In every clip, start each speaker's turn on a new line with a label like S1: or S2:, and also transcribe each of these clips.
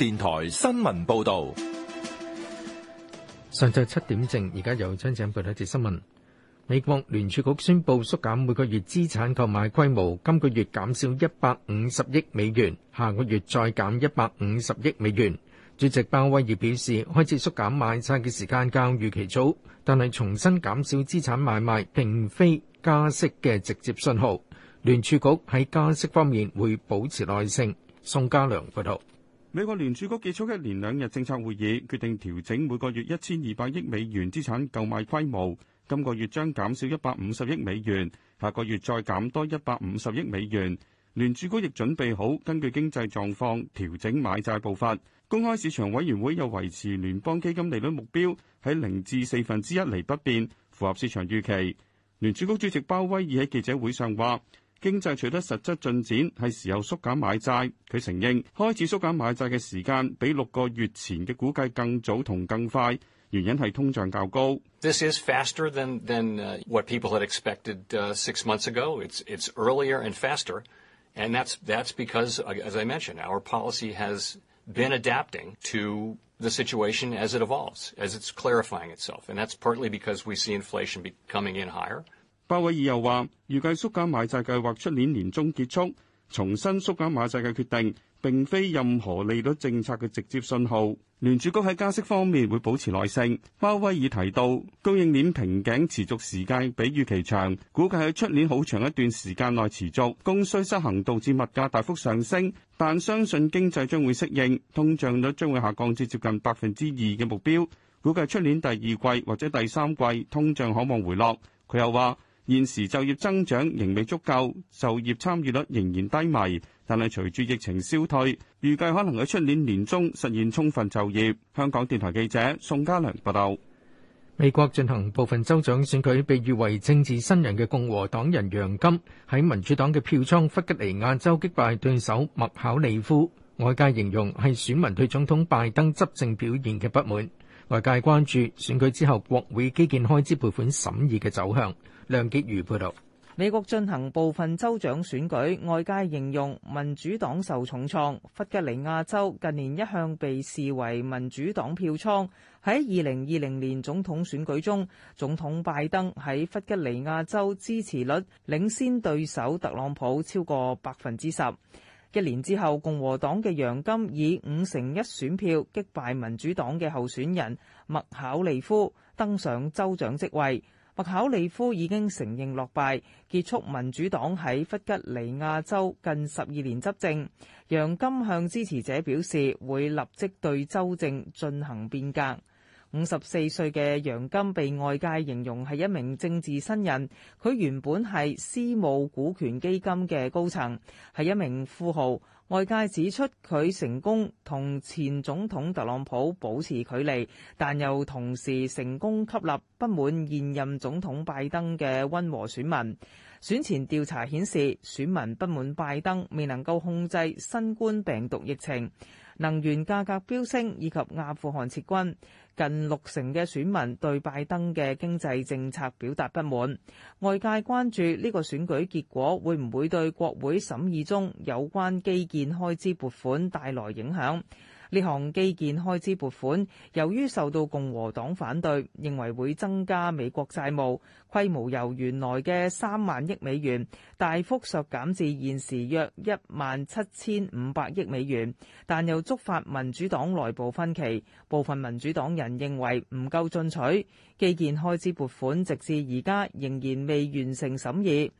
S1: 電台新聞報道：上晝七點正，而家有張姐報道一節新聞。美國聯儲局宣佈縮減每個月資產購買規模，今個月減少一百五十億美元，下個月再減一百五十億美元。主席鮑威爾表示，開始縮減買債嘅時間較預期早，但係重新減少資產買賣，並非加息嘅直接信號。聯儲局喺加息方面會保持耐性。宋家良報道。
S2: 美國聯儲局結束一連兩日政策會議，決定調整每個月一千二百億美元資產購買規模，今個月將減少一百五十億美元，下個月再減多一百五十億美元。聯儲局亦準備好根據經濟狀況調整買債步伐。公開市場委員會又維持聯邦基金利率目標喺零至四分之一厘不變，符合市場預期。聯儲局主席鮑威爾喺記者會上話。經濟取得實質進展，係時候縮減買債。佢承認開始縮減買債嘅時間比六個月前嘅估計更早同更快，原因係通脹較高。This is faster than, than what people had expected, uh, six months ago. It's, it's earlier and faster, and that's, that's because, as I mentioned, our policy has been adapting to the situation as it evolves, as it's clarifying itself. And that's partly because we see inflation becoming in higher. 鮑威爾又話，預計縮減買債計劃出年年中結束，重申縮減買債嘅決定，並非任何利率政策嘅直接信號。聯儲局喺加息方面會保持耐性。鮑威爾提到，供應鏈瓶頸持續時間比預期長，估計喺出年好長一段時間內持續，供需失衡導致物價大幅上升，但相信經濟將會適應，通脹率將會下降至接近百分之二嘅目標。估計出年第二季或者第三季通脹可望回落。佢又話。現時就業增長仍未足夠，就業參與率仍然低迷。但係隨住疫情消退，預計可能喺出年年中實現充分就業。香港電台記者宋家良報道。
S1: 美國進行部分州長選舉，被譽為政治新人嘅共和黨人楊金喺民主黨嘅票倉弗吉尼亞州擊敗對手麥考利夫，外界形容係選民對總統拜登執政表現嘅不滿。外界關注選舉之後國會基建開支撥款審議嘅走向。梁潔如報道：
S3: 美國進行部分州長選舉，外界形容民主黨受重創。弗吉尼亞州近年一向被視為民主黨票倉，喺二零二零年總統選舉中，總統拜登喺弗吉尼亞州支持率領先對手特朗普超過百分之十。一年之後，共和黨嘅楊金以五成一選票擊敗民主黨嘅候選人麥考利夫，登上州長職位。麥考利夫已經承認落敗，結束民主黨喺弗吉尼亞州近十二年執政。楊金向支持者表示會立即對州政進行變革。五十四歲嘅楊金被外界形容係一名政治新人，佢原本係私募股權基金嘅高層，係一名富豪。外界指出佢成功同前總統特朗普保持距離，但又同時成功吸納不滿現任總統拜登嘅温和選民。選前調查顯示，選民不滿拜登未能夠控制新冠病毒疫情。能源價格飆升以及阿富汗撤軍，近六成嘅選民對拜登嘅經濟政策表達不滿。外界關注呢個選舉結果會唔會對國會審議中有關基建開支撥款帶來影響。呢項基建開支撥款，由於受到共和黨反對，認為會增加美國債務，規模由原來嘅三萬億美元大幅削減至現時約一萬七千五百億美元，但又觸發民主黨內部分歧，部分民主黨人認為唔夠進取，基建開支撥款直至而家仍然未完成審議。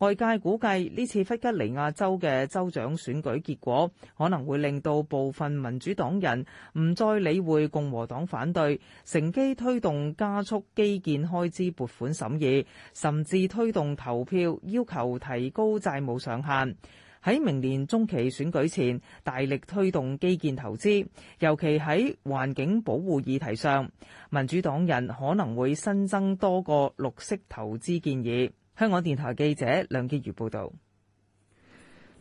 S3: 外界估計，呢次弗吉尼亞州嘅州長選舉結果可能會令到部分民主黨人唔再理會共和黨反對，乘機推動加速基建開支撥款審議，甚至推動投票要求提高債務上限。喺明年中期選舉前，大力推動基建投資，尤其喺環境保護議題上，民主黨人可能會新增多個綠色投資建議。香港電台記者梁潔如報道，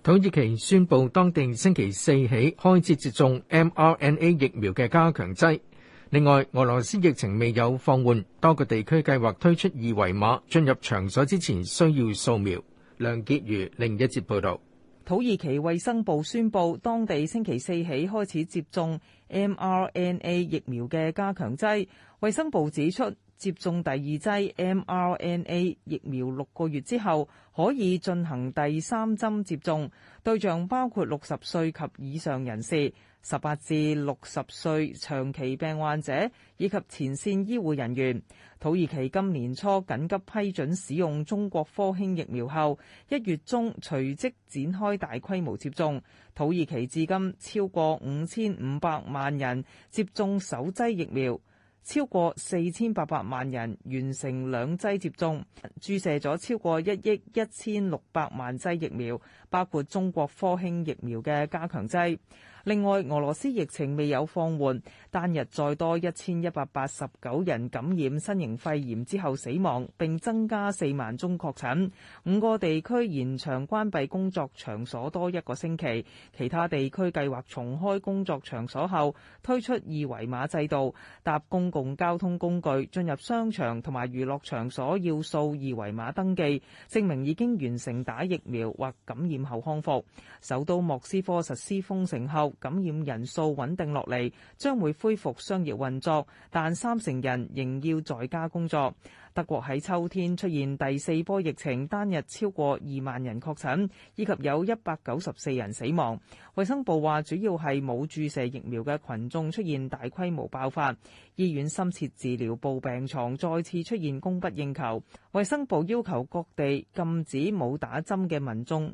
S1: 土耳其宣佈當地星期四起開始接種 mRNA 疫苗嘅加強劑。另外，俄羅斯疫情未有放緩，多個地區計劃推出二維碼，進入場所之前需要掃描。梁潔如另一節報道，
S3: 土耳其衛生部宣佈當地星期四起開始接種 mRNA 疫苗嘅加強劑。衛生部指出。接種第二劑 mRNA 疫苗六個月之後，可以進行第三針接種。對象包括六十歲及以上人士、十八至六十歲長期病患者以及前線醫護人員。土耳其今年初緊急批准使用中國科興疫苗後，一月中隨即展開大規模接種。土耳其至今超過五千五百萬人接種首劑疫苗。超過四千八百萬人完成兩劑接種，注射咗超過一億一千六百萬劑疫苗，包括中國科興疫苗嘅加強劑。另外，俄羅斯疫情未有放緩，單日再多一千一百八十九人感染新型肺炎之後死亡，並增加四萬宗確診。五個地區延長關閉工作場所多一個星期，其他地區計劃重開工作場所後推出二維碼制度，搭公共交通工具、進入商場同埋娛樂場所要掃二維碼登記，證明已經完成打疫苗或感染後康復。首都莫斯科實施封城後，感染人數穩定落嚟，將會恢復商業運作，但三成人仍要在家工作。德國喺秋天出現第四波疫情，單日超過二萬人確診，以及有一百九十四人死亡。衛生部話主要係冇注射疫苗嘅群眾出現大規模爆發，醫院深切治療部病床再次出現供不應求。衛生部要求各地禁止冇打針嘅民眾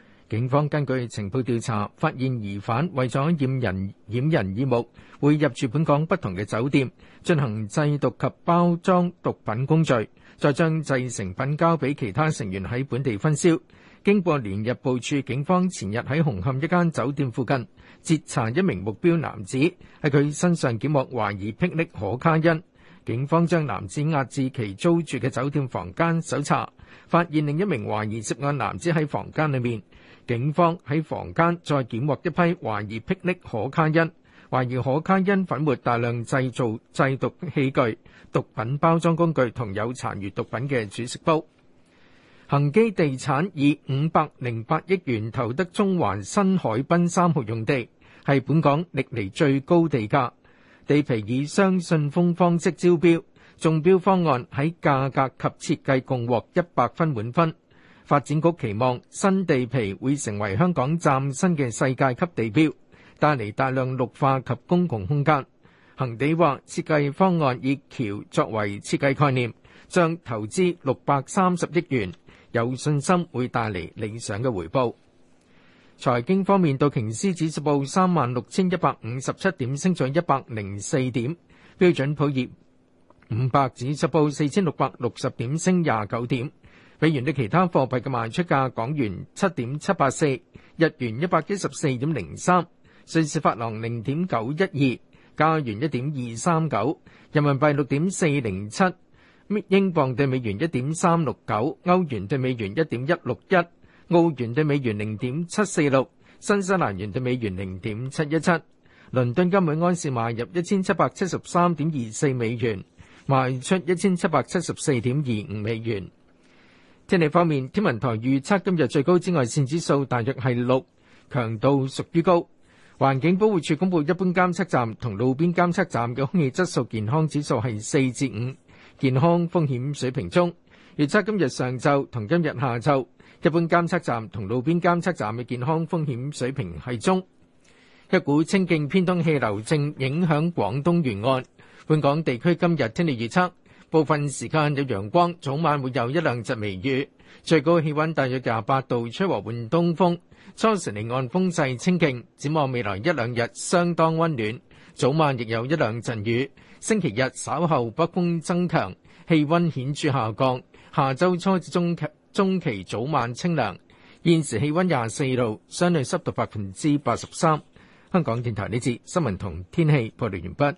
S1: 警方根據情報調查，發現疑犯為咗掩人掩人耳目，會入住本港不同嘅酒店進行製毒及包裝毒品工序，再將製成品交俾其他成員喺本地分銷。經過連日部署，警方前日喺紅磡一間酒店附近截查一名目標男子，喺佢身上檢獲懷疑霹靂可卡因。警方將男子押至其租住嘅酒店房間搜查，發現另一名懷疑涉案男子喺房間裏面。警方喺房間再檢獲一批懷疑霹靂可卡因，懷疑可卡因粉末大量製造製毒器具、毒品包裝工具同有殘餘毒品嘅煮食煲。恒基地產以五百零八億元投得中環新海濱三號用地，係本港歷來最高地價。地皮以雙信封方式招標，中標方案喺價格及設計共獲一百分滿分。發展局期望新地皮會成為香港嶄新嘅世界級地標，帶嚟大量綠化及公共空間。恒地話，設計方案以橋作為設計概念，將投資六百三十億元，有信心會帶嚟理想嘅回報。財經方面，道瓊斯指數報三萬六千一百五十七點，升上一百零四點；標準普爾五百指數報四千六百六十點，升廿九點。美元對其他貨幣嘅賣出價：港元七點七八四，日元一百一十四點零三，瑞士法郎零點九一二，加元一點二三九，人民幣六點四零七，英鎊對美元一點三六九，歐元對美元一點一六一，澳元對美元零點七四六，新西蘭元對美元零點七一七。倫敦金每安士賣入一千七百七十三點二四美元，賣出一千七百七十四點二五美元。天氣方面，天文台預測今日最高紫外線指數大約係六，強度屬於高。環境保護署公布，一般監測站同路邊監測站嘅空氣質素健康指數係四至五，健康風險水平中。預測今日上晝同今日下晝，一般監測站同路邊監測站嘅健康風險水平係中。一股清勁偏東氣流正影響廣東沿岸，本港地區今日天氣預測。部分時間有陽光，早晚會有一兩陣微雨。最高氣温大約廿八度，吹和緩東風。初時離岸風勢清勁，展望未來一兩日相當温暖，早晚亦有一兩陣雨。星期日稍後北風增強，氣温顯著下降。下周初至中期中期，早晚清涼。現時氣温廿四度，相對濕度百分之八十三。香港電台呢節新聞同天氣報道完畢。